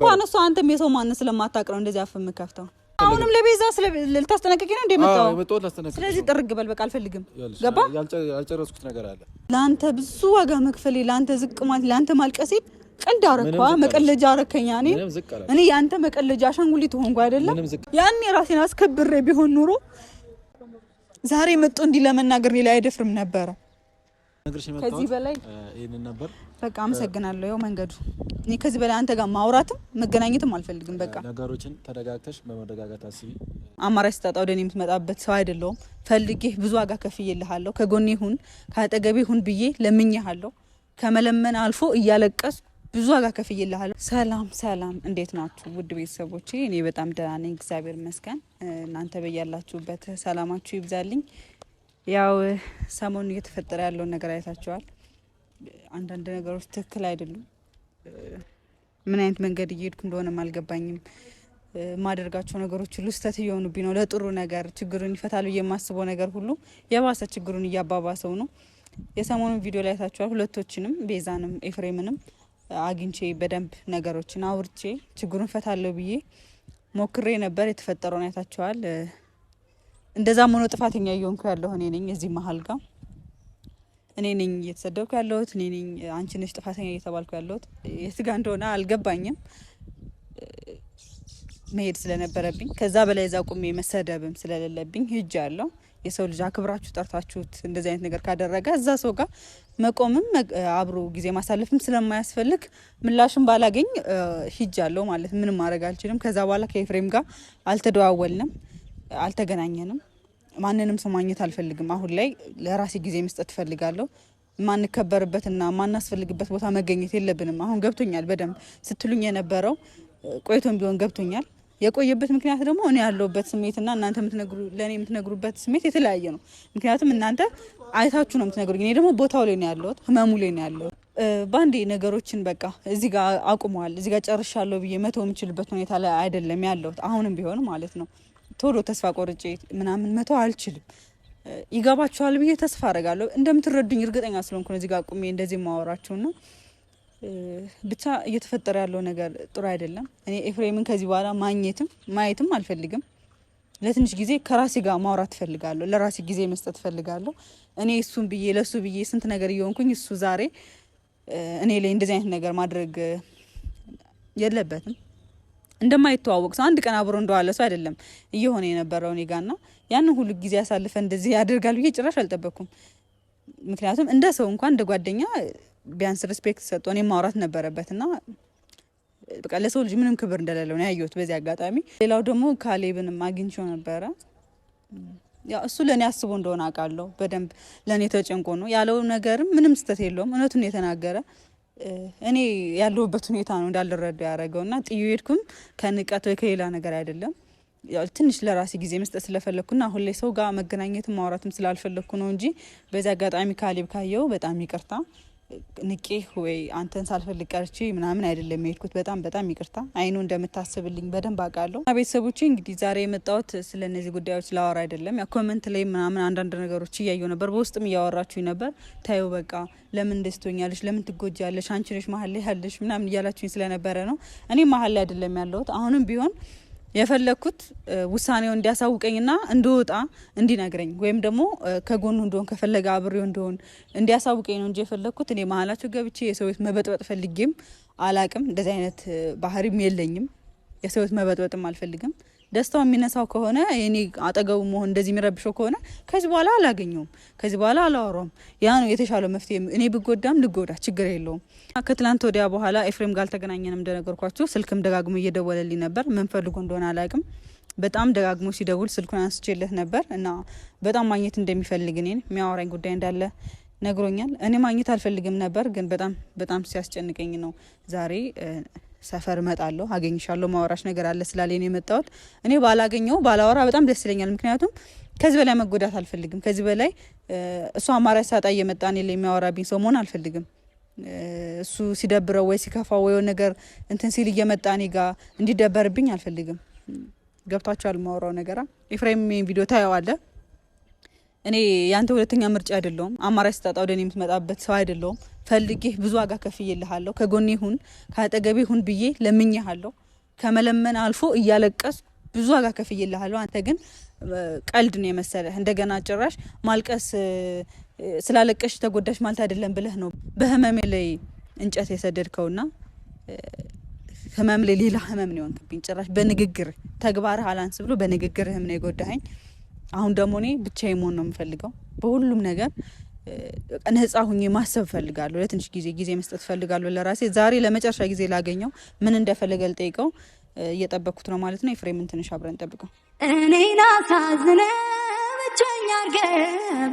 እንኳን እሷ አንተም የሰው ማን ስለማታውቅ እንደዚህ አፍ የምከፍተው። አሁንም ለቤዛ ልታስጠነቅቂ ነው እንደምታው። ስለዚህ ጥርግ በል በቃ አልፈልግም። ገባ ያልጨረስኩት ነገር አለ። ለአንተ ብዙ ዋጋ መክፈሌ፣ ለአንተ ዝቅ ማለት፣ ለአንተ ማልቀሴ ቀልድ አረኳ መቀለጃ አረከኛ። እኔ እኔ የአንተ መቀለጃ አሻንጉሊት ሆንኩ አይደለም። ያን የራሴን አስከብሬ ቢሆን ኑሮ ዛሬ መጡ እንዲህ ለመናገር እኔ ላይ አይደፍርም ነበረ። ከዚህ በላይ ይህንን ነበር በቃ አመሰግናለሁ። ያው መንገዱ እኔ ከዚህ በላይ አንተ ጋር ማውራትም መገናኘትም አልፈልግም። በቃ ነገሮችን ተደጋግተሽ በመረጋጋት አስቢ። አማራጭ ስታጣ ወደ እኔ የምትመጣበት ሰው አይደለውም ፈልጌህ ብዙ ዋጋ ከፍዬልሃለሁ። ከጎኔ ሁን፣ ከአጠገቤ ሁን ብዬ ለምኜሃለሁ። ከመለመን አልፎ እያለቀስ ብዙ ዋጋ ከፍዬልሃለሁ። ሰላም ሰላም፣ እንዴት ናችሁ ውድ ቤተሰቦቼ? እኔ በጣም ደህና ነኝ፣ እግዚአብሔር ይመስገን። እናንተ በያላችሁበት ሰላማችሁ ይብዛልኝ። ያው ሰሞኑ እየተፈጠረ ያለውን ነገር አይታችኋል። አንዳንድ ነገሮች ትክክል አይደሉም። ምን አይነት መንገድ እየሄድኩ እንደሆነም አልገባኝም። ማደርጋቸው ነገሮች ሁሉ ስህተት እየሆኑብኝ ነው። ለጥሩ ነገር ችግሩን ይፈታል ብዬ የማስበው ነገር ሁሉ የባሰ ችግሩን እያባባሰው ነው። የሰሞኑን ቪዲዮ ላይ ታችኋል። ሁለቶችንም ቤዛንም ኤፍሬምንም አግኝቼ በደንብ ነገሮችን አውርቼ ችግሩን ፈታለሁ ብዬ ሞክሬ ነበር። የተፈጠረውን አይታችኋል። እንደዛም ሆኖ ጥፋተኛ እየሆንኩ ያለሁ እኔ ነኝ እዚህ መሀል ጋር እኔ ነኝ እየተሰደብኩ ያለሁት፣ እኔ ነኝ አንቺ ነሽ ጥፋተኛ እየተባልኩ ያለሁት። የት ጋ እንደሆነ አልገባኝም። መሄድ ስለነበረብኝ ከዛ በላይ እዛ ቁሜ መሰደብም ስለሌለብኝ ሂጅ አለው የሰው ልጅ አክብራችሁ ጠርታችሁት እንደዚህ አይነት ነገር ካደረገ እዛ ሰው ጋር መቆምም አብሮ ጊዜ ማሳለፍም ስለማያስፈልግ ምላሽም ባላገኝ ሂጅ አለው ማለት ምንም ማድረግ አልችልም። ከዛ በኋላ ከኤፍሬም ጋር አልተደዋወልንም፣ አልተገናኘንም። ማንንም ሰው ማግኘት አልፈልግም። አሁን ላይ ለራሴ ጊዜ መስጠት እፈልጋለሁ። ማንከበርበትና ማናስፈልግበት ቦታ መገኘት የለብንም። አሁን ገብቶኛል በደንብ ስትሉኝ የነበረው ቆይቶም ቢሆን ገብቶኛል። የቆየበት ምክንያት ደግሞ እኔ ያለሁበት ስሜትና እናንተ የምትነግሩ ለእኔ የምትነግሩበት ስሜት የተለያየ ነው። ምክንያቱም እናንተ አይታችሁ ነው የምትነግሩኝ፣ እኔ ደግሞ ቦታው ላይ ነው ያለሁት፣ ህመሙ ላይ ነው ያለሁት። በአንዴ ነገሮችን በቃ እዚህ ጋር አቁመዋል፣ እዚህ ጋር ጨርሻለሁ ብዬ መተው የምችልበት ሁኔታ ላይ አይደለም ያለሁት፣ አሁንም ቢሆን ማለት ነው። ቶሎ ተስፋ ቆርጬ ምናምን መተው አልችልም። ይገባችኋል ብዬ ተስፋ አረጋለሁ። እንደምትረዱኝ እርግጠኛ ስለሆንኩ እዚህ ጋር ቁሜ እንደዚህ ነው። ብቻ እየተፈጠረ ያለው ነገር ጥሩ አይደለም። እኔ ኤፍሬምን ከዚህ በኋላ ማግኘትም ማየትም አልፈልግም። ለትንሽ ጊዜ ከራሴ ጋር ማውራት እፈልጋለሁ። ለራሴ ጊዜ መስጠት እፈልጋለሁ። እኔ እሱን ብዬ ለእሱ ብዬ ስንት ነገር እየሆንኩኝ እሱ ዛሬ እኔ ላይ እንደዚህ አይነት ነገር ማድረግ የለበትም። እንደማይተዋወቅ ሰው አንድ ቀን አብሮ እንደዋለ ሰው አይደለም እየሆነ የነበረው እኔ ጋር ና ያንን ሁሉ ጊዜ ያሳልፈ እንደዚህ ያደርጋል ብዬ ጭራሽ አልጠበቅኩም። ምክንያቱም እንደ ሰው እንኳን እንደ ጓደኛ ቢያንስ ሪስፔክት ሰጥቶ እኔ ማውራት ነበረበት ና በቃ ለሰው ልጅ ምንም ክብር እንደሌለው ነው ያየሁት በዚህ አጋጣሚ። ሌላው ደግሞ ካሌብንም አግኝቼው ነበረ። ያው እሱ ለእኔ አስቦ እንደሆነ አውቃለሁ። በደንብ ለእኔ ተጨንቆ ነው ያለው ነገርም ምንም ስህተት የለውም። እውነቱን የተናገረ እኔ ያለሁበት ሁኔታ ነው እንዳልረዳ ያደረገው እና ጥዩ ሄድኩም ከንቀት ወይ ከሌላ ነገር አይደለም። ትንሽ ለራሴ ጊዜ መስጠት ስለፈለግኩና አሁን ላይ ሰው ጋር መገናኘትም ማውራትም ስላልፈለግኩ ነው እንጂ በዚህ አጋጣሚ ካሌብ ካየው በጣም ይቅርታ ንቄህ ወይ አንተን ሳልፈልግ ቀርቼ ምናምን አይደለም የሄድኩት። በጣም በጣም ይቅርታ አይኑ እንደምታስብልኝ በደንብ አውቃለሁ። ቤተሰቦች እንግዲህ ዛሬ የመጣሁት ስለ እነዚህ ጉዳዮች ላወራ አይደለም። ያ ኮመንት ላይ ምናምን አንዳንድ ነገሮች እያየሁ ነበር፣ በውስጥም እያወራችሁኝ ነበር። ታዩ በቃ ለምን ደስቶኛለች፣ ለምን ትጎጃለች አንቺ ነሽ መሀል ላይ ያለሽ ምናምን እያላችሁኝ ስለነበረ ነው። እኔ መሀል ላይ አይደለም ያለሁት አሁንም ቢሆን የፈለግኩት ውሳኔው እንዲያሳውቀኝና እንድወጣ እንዲነግረኝ ወይም ደግሞ ከጎኑ እንደሆን ከፈለገ አብሬው እንደሆን እንዲያሳውቀኝ ነው እንጂ የፈለግኩት እኔ መሀላቸው ገብቼ የሰውት መበጥበጥ ፈልጌም አላቅም። እንደዚህ አይነት ባህሪም የለኝም። የሰውት መበጥበጥም አልፈልግም። ደስታው የሚነሳው ከሆነ እኔ አጠገቡ መሆን እንደዚህ የሚረብሸው ከሆነ ከዚህ በኋላ አላገኘውም፣ ከዚህ በኋላ አላወራውም። ያ ነው የተሻለው መፍትሄ። እኔ ብጎዳም ልጎዳ ችግር የለውም። ከትላንት ወዲያ በኋላ ኤፍሬም ጋር አልተገናኘንም እንደነገርኳችሁ። ስልክም ደጋግሞ እየደወለልኝ ነበር። ምን ፈልጎ እንደሆነ አላውቅም። በጣም ደጋግሞ ሲደውል ስልኩን አንስቼለት ነበር እና በጣም ማግኘት እንደሚፈልግ እኔን የሚያወራኝ ጉዳይ እንዳለ ነግሮኛል። እኔ ማግኘት አልፈልግም ነበር፣ ግን በጣም በጣም ሲያስጨንቀኝ ነው ዛሬ ሰፈር እመጣለሁ፣ አገኝሻለሁ፣ ማወራሽ ነገር አለ ስላለኝ ነው የመጣሁት። እኔ ባላገኘው ባላወራ በጣም ደስ ይለኛል። ምክንያቱም ከዚህ በላይ መጎዳት አልፈልግም። ከዚህ በላይ እሱ አማራጭ ሳጣ እየመጣ እኔ ላይ የሚያወራብኝ ሰው መሆን አልፈልግም። እሱ ሲደብረው ወይ ሲከፋው ወይ ነገር እንትን ሲል እየመጣ እኔ ጋር እንዲደበርብኝ አልፈልግም። ገብቷቸዋል። ማወራው ነገራ ኤፍሬም ቪዲዮ ታየዋለህ እኔ ያንተ ሁለተኛ ምርጫ አይደለውም። አማራጭ ስታጣ ወደ እኔ የምትመጣበት ሰው አይደለውም። ፈልጌህ ብዙ ዋጋ ከፍዬልሃለሁ። ከጎኔ ሁን፣ ከአጠገቤ ሁን ብዬ ለምኜሃለሁ። ከመለመን አልፎ እያለቀስ ብዙ ዋጋ ከፍዬልሃለሁ። አንተ ግን ቀልድ ነው የመሰለህ። እንደገና ጭራሽ ማልቀስ ስላለቀሽ ተጎዳሽ ማለት አይደለም ብለህ ነው በህመሜ ላይ እንጨት የሰደድከውና ህመም ላይ ሌላ ህመም ነው የሆንክብኝ። ጭራሽ በንግግር ተግባርህ አላንስ ብሎ በንግግርህም ነው የጎዳኸኝ። አሁን ደግሞ እኔ ብቻዬ መሆን ነው የምፈልገው በሁሉም ነገር ነጻ ሁኜ ማሰብ ፈልጋለሁ። ለትንሽ ጊዜ ጊዜ መስጠት ፈልጋለሁ ለራሴ። ዛሬ ለመጨረሻ ጊዜ ላገኘው ምን እንደፈለገ ልጠይቀው እየጠበቅኩት ነው ማለት ነው። ኤፍሬምን ትንሽ አብረን ጠብቀው። እኔን አሳዝነ ብቸኛ አርገ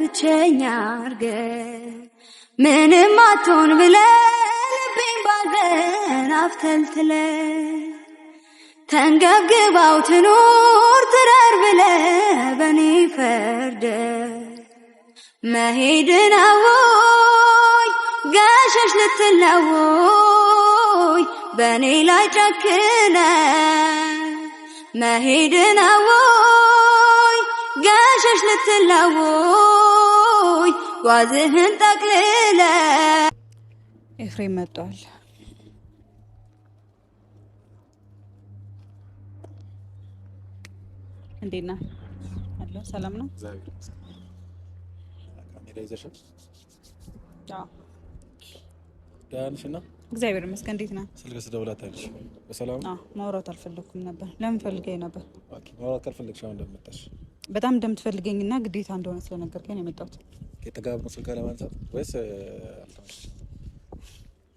ብቸኛ አርገ ምንም አትሆን ብለ ልቤን ባዘን አፍተልትለ ተንገብግባው ትኖር ትረር ብለ በኔ ፈርደ መሄድ ነዎይ ገሸሽ ልትል ነዎይ በእኔ ላይ ጨክነ መሄድ ነዎይ ገሸሽ ልትል ነዎይ ጓዝህን ጠቅልለ ኤፍሬም መጥቷል። እንዴት ነህ? አለሁ። ሰላም ነው። ካሜራ ይዘሻል? ደህና ነሽ? እና እግዚአብሔር ይመስገን። እንዴት ነህ? ስልክ ስደውላት አለሽ። በሰላም ማውራት አልፈለግኩም ነበር። ለምን ፈልገኝ ነበር? ማውራት ካልፈለግሽ አሁን እንደመጣሽ በጣም እንደምትፈልገኝ እና ግዴታ እንደሆነ ስለነገርከኝ ነው የመጣሁት። የተጋብነው ስልክ አለማንሳት ወይስ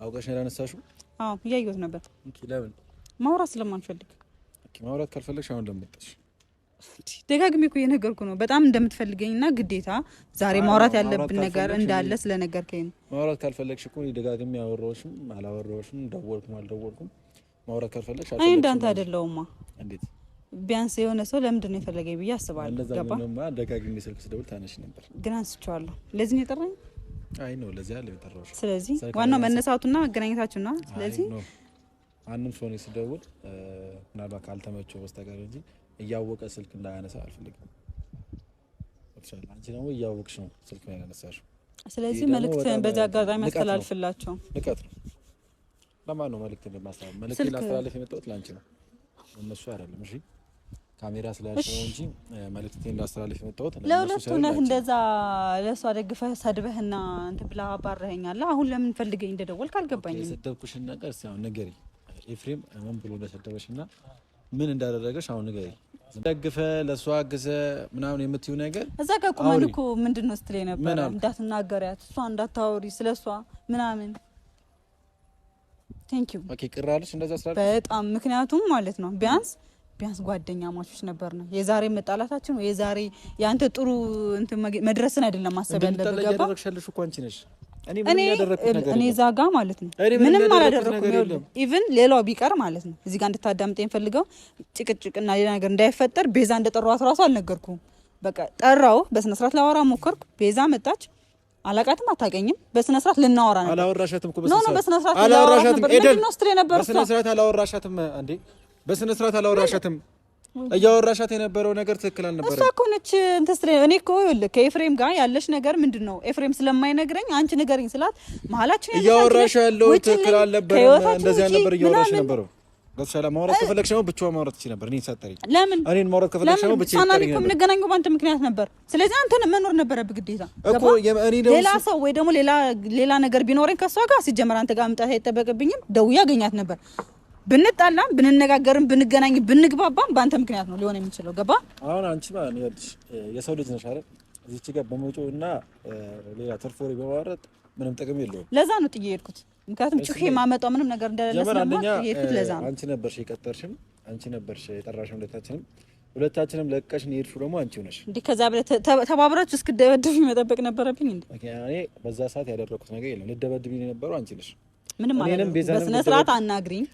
አውቀሽ ነው ያላነሳሽው? አዎ እያየሁት ነበር። ለምን ማውራት ስለማንፈልግ። ማውራት ካልፈለግሽ አሁን እንደመጣሽ ደጋግሜ እኮ የነገርኩ ነው በጣም እንደምትፈልገኝና ግዴታ ዛሬ ማውራት ያለብን ነገር እንዳለ ስለነገርከኝ ነው። ማውራት ካልፈለግሽ እኮ ደጋግሜ አወራሁሽም አላወራሁሽም ደወልኩም አልደወልኩም ማውራት ካልፈለግሽ አይ፣ እንዳንተ አይደለሁማ። እንዴት ቢያንስ የሆነ ሰው ለምንድን ነው የፈለገኝ ብዬ አስባለሁ። ገባ ደጋግሜ ስልክ ስደውል ታነሽ ነበር፣ ግን አንስቼዋለሁ። ለዚህ ነው የጠራኝ። አይ ነው ለዚህ አለ የጠራሁሽ። ስለዚህ ዋናው መነሳቱና መገናኘታችሁ ነው። ስለዚህ አንም ሰው ነው ስደውል ምናልባት ካልተመቸው በስተቀር እንጂ እያወቀ ስልክ እንዳያነሳ አልፈልግም። አንቺ ደግሞ እያወቅሽ ነው ስልክ ያነሳሽው። ስለዚህ መልእክትን በዚህ አጋጣሚ ያስተላልፍላቸው። ንቀት ነው። ለማን ነው መልእክት እንደማስተላልፍ? መልእክት ላስተላልፍ የመጣሁት ለአንቺ ነው፣ እነሱ አይደለም። እሺ ካሜራ ስላልሽ እንጂ መልእክት እንዳስተላልፍ የመጣሁት ለሁለቱ ነህ። እንደዛ ለእሷ ደግፈህ ሰድበህና እንትን ብላ አባረኸኛል። አሁን ለምን ፈልገኝ እንደደወልክ አልገባኝም። የሰደብኩሽን ነገር እስኪ አሁን ንገሪ። ኤፍሬም ምን ብሎ እንደሰደበሽ እና ምን እንዳደረገሽ አሁን ንገሪ። ደግፈ ለእሷ አግዘ ምናምን የምትዩ ነገር እዛ ጋ ቁመን እኮ ምንድን ነው ስትለኝ ነበረ፣ እንዳትናገሪያት እሷ እንዳታወሪ ስለ እሷ ምናምን ቴንኪው ቅር አለች እንደዛ ስላለ በጣም ምክንያቱም ማለት ነው ቢያንስ ቢያንስ ጓደኛ ማቾች ነበር ነው የዛሬ መጣላታችን ወይ የዛሬ የአንተ ጥሩ እንትን መድረስን አይደለም ማሰብ ያለብህ ገባ እኔ እዛ ጋ ማለት ነው ምንም አላደረኩም። ኢቭን ሌላው ቢቀር ማለት ነው እዚህ ጋር እንድታዳምጠኝ የምፈልገው ጭቅጭቅና ሌላ ነገር እንዳይፈጠር ቤዛ እንደጠሯት ራሱ አልነገርኩም። በቃ ጠራው፣ በስነ ላወራ ሞከርኩ። ቤዛ መጣች፣ አላቃትም፣ አታገኝም። በስነ ልናወራ ነበር። አላወራሻትም እኮ በስነ አላወራሻትም። ኤደን በስነ ስርዓት አላወራሻትም። አንዴ በስነ አላወራሻትም እያወራሻት የነበረው ነገር ትክክል አልነበረ። እሷ እኮ ነች እንትን ስለ እኔ እኮ ይኸውልህ ከኤፍሬም ጋር ያለሽ ነገር ምንድን ነው? ኤፍሬም ስለማይነግረኝ አንቺ ንገረኝ ስላት መሀላችን እያወራሽ ያለው ትክክል አልነበረ። እንደዚህ አልነበረ እያወራሽ ነበረው። ገብቶሻል። ማውራት ከፈለግሽ ነው ብቻ ማውራት ትችይ ነበር። እኔን ሳጠሪኝ ለምን እኔን ማውራት ከፈለግሽ ነው ብቻ ብቻዬን ሳጠሪኝ ነበር። የምንገናኘው በአንተ ምክንያት ነበር። ስለዚህ አንተ መኖር ነበረብህ ግዴታ እኮ እኔ ደግሞ ሌላ ሰው ወይ ደግሞ ሌላ ሌላ ነገር ቢኖረኝ ከእሷ ጋር ሲጀመር አንተ ጋር መምጣት አይጠበቅብኝም። ደውዬ አገኛት ነበር ብንጣላም ብንነጋገርም ብንገናኝ ብንግባባም በአንተ ምክንያት ነው ሊሆን የሚችለው። ገባ? አሁን አንቺ ማለት የሰው ልጅ ነሽ አይደል? እዚች ጋር በመጮ እና ሌላ ተርፎ በማረጥ ምንም ጥቅም የለውም። ለዛ ነው ጥዬ የሄድኩት። ምክንያቱም ጩሄ ማመጣው ምንም ነገር እንደሌለ ስለማውቅ ለዛ ነው። አንቺ ነበርሽ የቀጠርሽም፣ አንቺ ነበርሽ የጠራሽም ሁለታችንም ሁለታችንም ለቀሽ ነው ደግሞ አንቺው ነሽ እንዴ? ከዛ ብለህ ተባብራችሁ እስክደበድብ መጠበቅ ነበረብኝ እንዴ? እኔ በዛ ሰዓት ያደረኩት ነገር የለም። ልደበድብ የነበረው አንቺ ነሽ። ምንም በስነ ስርዓት አናግሪኝ፣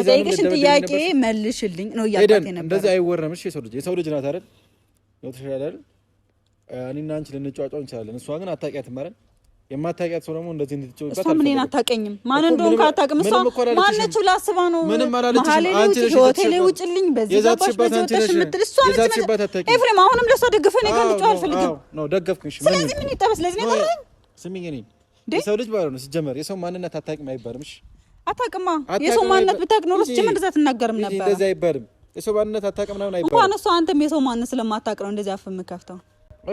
መጠየቅሽን ጥያቄ መልሽልኝ ነው እያልኳት ነበር። እንደዚህ አይወረም። እሺ የሰው ልጅ የሰው ልጅ ናት አይደል? ተሻለ አይደል? እኔና አንቺ ልንጫጫው እንችላለን። እሷ ግን አታውቂያትም አይደል? የማታውቂያት ሰው ደግሞ እንደዚህ እንድትጫወት እሷ ምን አታውቀኝም። ማን እንደሆነ አታውቅም። እሷ ማነች ብላ አስባ ነው ሆቴሌ ውጭልኝ በዚህ ገባሽ ኤፍሬም አሁንም ለእሷ ደግፈን ካልጫው አልፈልግም ነው ደገፍኩሽ። ስለዚህ ምን ይጠበስ ለዚህ ነው ስሚኝ እኔ የሰው ልጅ ባለው ነው ሲጀመር። የሰው ማንነት አታውቂም አይባልም። እሺ አታውቅማ። የሰው ማንነት ብታውቅ ኖሮ ሲጀመር እንደዛ አትናገርም ነበር። እንደዛ አይባልም። የሰው ማንነት አታውቅም ምናምን አይባልም። እንኳን እሱ አንተም የሰው ማንነት ስለማታውቅ ነው እንደዚህ አፍ የምከፍተው።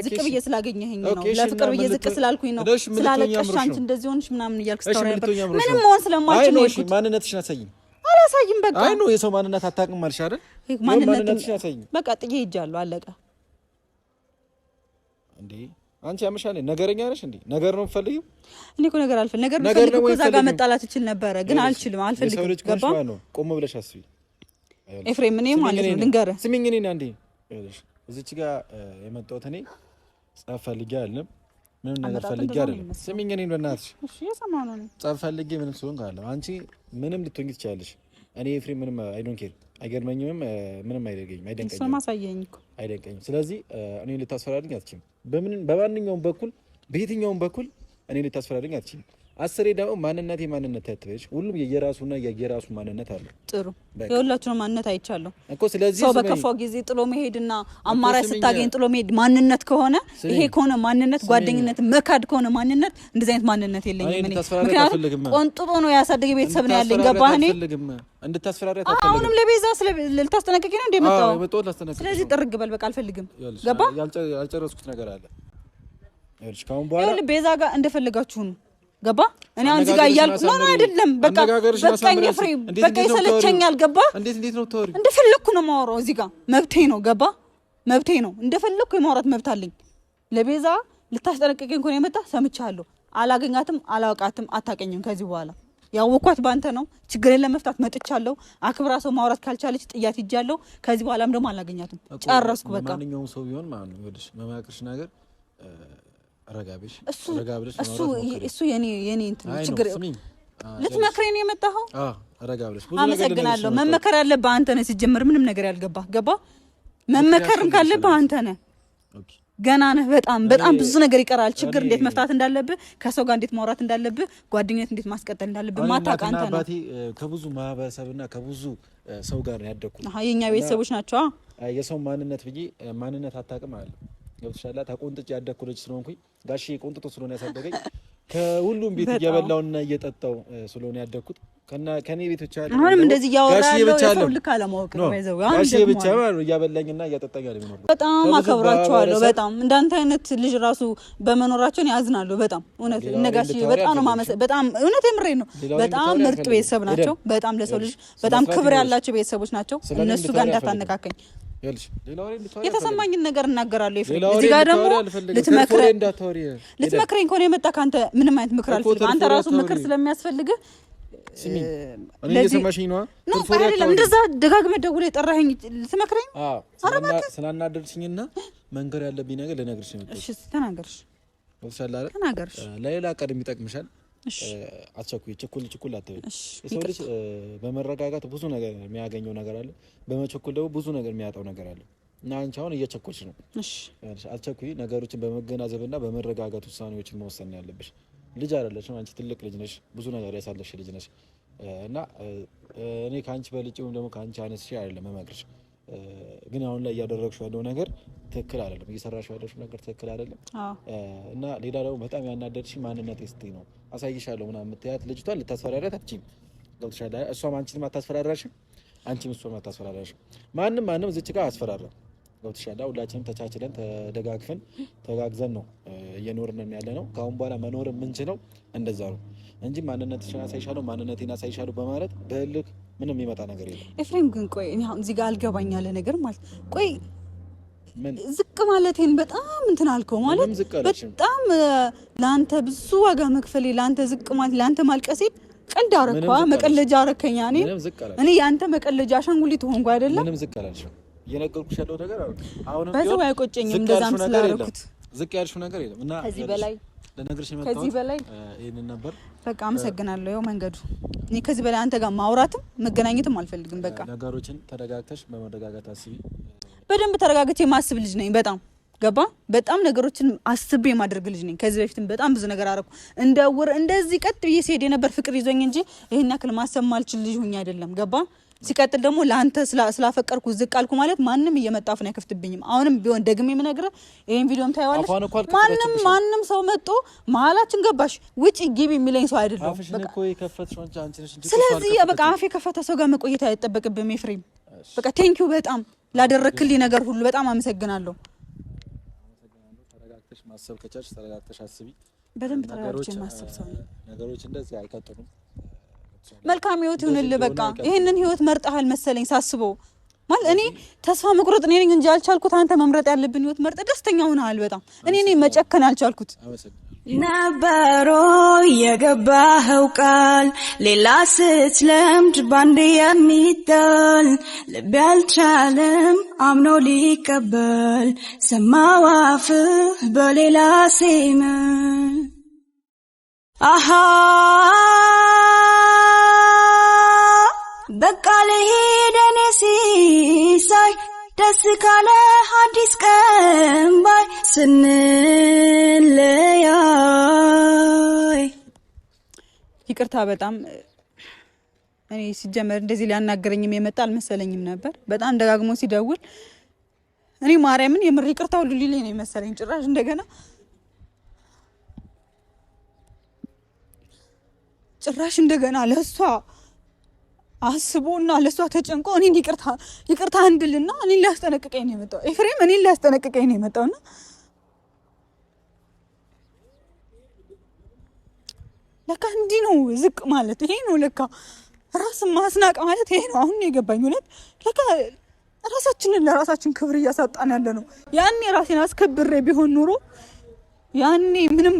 ዝቅ ብዬ ስላገኘኸኝ ነው፣ ለፍቅር ብዬ ዝቅ ስላልኩኝ ነው፣ ስላለቀሽ አንቺ እንደዚህ ሆንሽ ምናምን እያልክ ስታወራ ነበር። ምንም መሆን ስለማልችል ነው የሄድኩት። ማንነትሽን አሳይኝ አላሳይም በቃ አይ ነው የሰው ማንነት አታውቅም አልሽ አይደል? ማንነትሽን አሳይኝ በቃ ጥዬ ሄጃለሁ አለቀ እንዴ አንቺ ያመሻል። ነገረኛ ነሽ እንዴ? ነገር ነው ፈልዩ። እኔ እኮ ነገር አልፈልግም። ነገር ነው እኮ እዛ ጋር መጣላት እችል ነበረ፣ ግን አልችልም፣ አልፈልግም። ገባ? ነው። ቆም ብለሽ አስቢ ኤፍሬም። እኔ ማለት ነው ልንገርህ፣ ስሚኝ። እኔ አንዴ እዚች ጋር የመጣሁት እኔ ጸብ ፈልጌ አይደለም፣ ምንም ነገር ፈልጌ አይደለም። ስሚኝ እኔን በእናትሽ ጸብ ፈልጌ ምንም ሲሆን ካለ አንቺ ምንም ልትሆኝ ትችላለሽ። እኔ ኤፍሬም ምንም አይ ዶንት ኬር አይገርመኝም፣ ምንም አይደገኝም፣ አይደንቀኝም፣ አይደንቀኝም። ስለዚህ እኔ ልታስፈራልኝ አትችልም። በምን በማንኛውም በኩል በየትኛውም በኩል እኔ ልታስፈራረኝ አትችልም። አስሬ ደግሞ ማንነት የማንነት ያትበች ሁሉም የየራሱና የየራሱ ማንነት አለ። ጥሩ የሁላችሁን ማንነት አይቻለሁ እኮ። ስለዚህ ሰው በከፋው ጊዜ ጥሎ መሄድና አማራጭ ስታገኝ ጥሎ መሄድ ማንነት ከሆነ ይሄ ከሆነ ማንነት ጓደኝነት መካድ ከሆነ ማንነት እንደዚህ አይነት ማንነት የለኝም ምክንያቱም ቆንጥጦ ነው ያሳደገ ቤተሰብ ነው ያለኝ። ገባህ? እኔ እንድታስፈራሪያት አሁንም ለቤዛ ልታስጠነቅቂ ነው እንደመጣው። ስለዚህ ጥርግ በል በቃ አልፈልግም። ገባህ? ያልጨረስኩት ነገር አለ። ከአሁን ቤዛ ጋር እንደፈለጋችሁ ነው ገባ እኔ አሁን እዚህ ጋር እያልኩ ነው አይደለም። በቃ በቃኝ ኤፍሬም፣ በቃ ይሰለቸኛል። ገባ እንደፈለግኩ ነው የማወራው። እዚህ ጋር መብቴ ነው። ገባ መብቴ ነው። እንደፈለግኩ የማውራት መብት አለኝ። ለቤዛ ልታስጠነቅቀኝ እኮ ነው የመጣ። ሰምቻለሁ። አላገኛትም፣ አላውቃትም፣ አታቀኝም ከዚህ በኋላ ያወኳት ባንተ ነው። ችግሬን ለመፍታት መጥቻለሁ። አክብራ ሰው ማውራት ካልቻለች ጥያት ይጃለሁ። ከዚህ በኋላም ደግሞ አላገኛትም። ጨረስኩ በቃ። ማንኛውም ሰው ቢሆን ማለት ነው መማቅርሽ ነገር እሱ የኔ እንትን ችግር ልትመክሬ የመጣኸው? አመሰግናለሁ። መመከር ያለብህ አንተ ነህ። ሲጀምር ምንም ነገር ያልገባህ ገባ። መመከርም ካለብህ አንተ ነህ። ገና ነህ። በጣም በጣም ብዙ ነገር ይቀራል። ችግር እንዴት መፍታት እንዳለብህ፣ ከሰው ጋር እንዴት ማውራት እንዳለብህ፣ ጓደኝነት እንዴት ማስቀጠል እንዳለብህ ማታውቅ አንተ ነህ። አባቴ ከብዙ ማህበረሰብና ከብዙ ሰው ጋር ነው ያደግኩት። የእኛ ቤተሰቦች ናቸው። የሰው ማንነት ብዬ ማንነት አታውቅም አለ ገብቶሻል። ተቆንጥጭ ያደግኩ ልጅ ስለሆንኩኝ ጋሼ ቆንጥጦ ስለሆነ ያሳደገኝ ከሁሉም ቤት እየበላውና እየጠጣው ስለሆነ ያደግኩት ከኔ ቤት ብቻ አሁንም እንደዚህ እያወራ ያለው ልክ አለማወቅ ነው። ብቻ እያበላኝና እያጠጣኝ ያለ የሚኖር በጣም አከብራቸዋለሁ። በጣም እንዳንተ አይነት ልጅ ራሱ በመኖራቸውን ያዝናሉ። በጣም እውነት እነጋሽ በጣም ነው ማመሰ በጣም እውነት የምሬ ነው። በጣም ምርጥ ቤተሰብ ናቸው። በጣም ለሰው ልጅ በጣም ክብር ያላቸው ቤተሰቦች ናቸው። እነሱ ጋር እንዳታነካከኝ የተሰማኝን ነገር እናገራለሁ። እዚህ ጋር ደግሞ ልትመክረኝ ከሆነ የመጣ ከአንተ ምንም አይነት ምክር አልፈልግም። አንተ ራሱ ምክር ስለሚያስፈልግህ እየሰማሽኝ ነዋ። አይደለም እንደዛ ደጋግመህ ደውለህ የጠራኸኝ ልትመክረኝ ስላናደርሽኝና መንገር ያለብኝ ነገር ልነግርሽ ተናገርሽ ተናገርሽ፣ ለሌላ ቀን የሚጠቅምሻል አትቸኩይ፣ ችኩል ችኩል አትበይ። የሰው ልጅ በመረጋጋት ብዙ ነገር የሚያገኘው ነገር አለ፣ በመቸኩል ደግሞ ብዙ ነገር የሚያጣው ነገር አለ። እና አንቺ አሁን እየቸኮልሽ ነው። እሺ፣ አትቸኩይ፣ ነገሮችን በመገናዘብና በመረጋጋት ውሳኔዎችን መወሰን ያለብሽ። ልጅ አይደለሽም አንቺ፣ ትልቅ ልጅ ነሽ፣ ብዙ ነገር ያሳለፍሽ ልጅ ነሽ። እና እኔ ከአንቺ በልጬ ወይም ደግሞ ከአንቺ አነስሽ አይደለም መመክርሽ፣ ግን አሁን ላይ እያደረግሽ ያለው ነገር ትክክል አይደለም፣ እየሰራሽ ያለሽው ነገር ትክክል አይደለም። እና ሌላ ደግሞ በጣም ያናደድሽ ማንነት ስቴ ነው አሳይሻለሁ ምናምን የምትያት ልጅቷን ልታስፈራሪያት አትችይም። ገብቶሻል? እሷም አንቺንም አታስፈራራሽም፣ አንቺም እሷም አታስፈራራሽም። ማንም ማንም እዚች ጋር አያስፈራራም። ገብቶሻል? ሁላችንም ተቻችለን ተደጋግፈን ተጋግዘን ነው እየኖርን ያለ ነው። ከአሁን በኋላ መኖር የምንችለው እንደዛ ነው እንጂ ማንነትሽን አሳይሻለሁ፣ ማንነቴን አሳይሻለሁ በማለት በልክ ምንም የሚመጣ ነገር የለም። ኤፍሬም ግን ቆይ እዚህ ጋር አልገባኝ ያለ ነገር ማለት ቆይ ዝቅ ማለቴን በጣም እንትን አልከው። ማለት በጣም ለአንተ ብዙ ዋጋ መክፈሌ፣ ለአንተ ዝቅ ማለት፣ ለአንተ ማልቀሴን ቀንድ አረኳ፣ መቀለጃ አረከኛ። እኔ እኔ የአንተ መቀለጃ አሻንጉሊት ሆንኩ አይደለም። ምንም ዝቅ አላልሽም። እየነገርኩሽ ያለው ነገር አሁን በዚህ አይቆጨኝም። እንደዛም ስላረኩት ዝቅ ያልሽው ነገር የለም እና ከዚህ በላይ ለነገርሽ የመጣሁት ከዚህ በላይ ይሄንን ነበር። በቃ አመሰግናለሁ። ያው መንገዱ እኔ ከዚህ በላይ አንተ ጋር ማውራትም መገናኘትም አልፈልግም። በቃ ነገሮችን ተደጋግተሽ በመደጋጋት አስቢ። በደንብ ተረጋግቼ የማስብ ልጅ ነኝ። በጣም ገባ በጣም ነገሮችን አስቤ የማደርግ ልጅ ነኝ። ከዚህ በፊትም በጣም ብዙ ነገር አረኩ። እንደ ውር እንደዚህ ቀጥ ብዬ ሲሄድ የነበር ፍቅር ይዞኝ እንጂ ይህን ያክል ማሰብ ማልችል ልጅ ሁኝ አይደለም። ገባ ሲቀጥል ደግሞ ለአንተ ስላፈቀርኩ ዝቅ አልኩ ማለት ማንም እየመጣ አፉን አይከፍትብኝም። አሁንም ቢሆን ደግሜ የምነግርህ ይህን ቪዲዮም ታየዋለሽ። ማንም ማንም ሰው መጦ መሀላችን ገባሽ ውጭ ግቢ የሚለኝ ሰው አይደለም። ስለዚህ በቃ አፌ ከፈተ ሰው ጋር መቆየት አይጠበቅብም። ፍሬም በቃ ቴንኪው በጣም ላደረክልኝ ነገር ሁሉ በጣም አመሰግናለሁ። ተረጋግተሽ ማሰብ ከቻልሽ ተረጋግተሽ አስቢ። በደንብ ተረጋግቼ ማሰብ ሰው ነው። ነገሮች እንደዚህ አይቀጥሉም። መልካም ህይወት ይሁንልህ። በቃ ይህንን ህይወት መርጠሃል መሰለኝ ሳስበው ማለት እኔ ተስፋ መቁረጥ እኔ ነኝ እንጂ ያልቻልኩት፣ አንተ መምረጥ ያለብን ህይወት መርጠ ደስተኛ ሆነሃል። በጣም እኔ እኔ መጨከን አልቻልኩት ነበሮ የገባኸው ቃል ሌላ ስትለምድ ባንድ የሚጣል ልብ ያልቻለም አምኖ ሊቀበል ሰማው በሌላ ሴመ አሃ በቃ ልሂድ ሲሳይ ደስ ካለ አዲስ ቀን ባይ ስንለያይ ይቅርታ በጣም እኔ ሲጀመር እንደዚህ ሊያናገረኝም የመጣ አልመሰለኝም ነበር። በጣም ደጋግሞ ሲደውል እኔ ማርያምን የምር ይቅርታ ሁሉ ሊለኝ ነው የመሰለኝ። ጭራሽ እንደገና ጭራሽ እንደገና ለሷ አስቦ እና ለእሷ ተጨንቆ እኔን ይቅርታ እንድልና እኔን ሊያስጠነቅቀኝ ነው የመጣው። ኤፍሬም እኔን ሊያስጠነቅቀኝ ነው የመጣው እና ለካ እንዲህ ነው ዝቅ ማለት ይሄ ነው ለካ ራስን ማስናቅ ማለት ይሄ ነው። አሁን የገባኝ እውነት ለካ ራሳችንን ለራሳችን ክብር እያሳጣን ያለ ነው። ያኔ ራሴን አስከብሬ ቢሆን ኑሮ ያኔ ምንም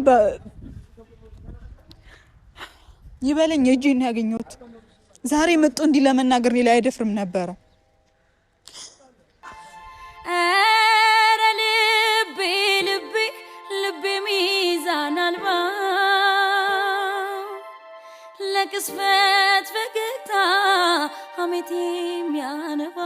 ይበለኝ እጄን ያገኘሁት ዛሬ መጥቶ እንዲህ ለመናገር እኔ አይደፍርም ነበረ። ኧረ ልቤ ልቤ ልቤ ሚዛን አልባ ለቅስፈት ፈገግታ ሐሜት የሚያነባ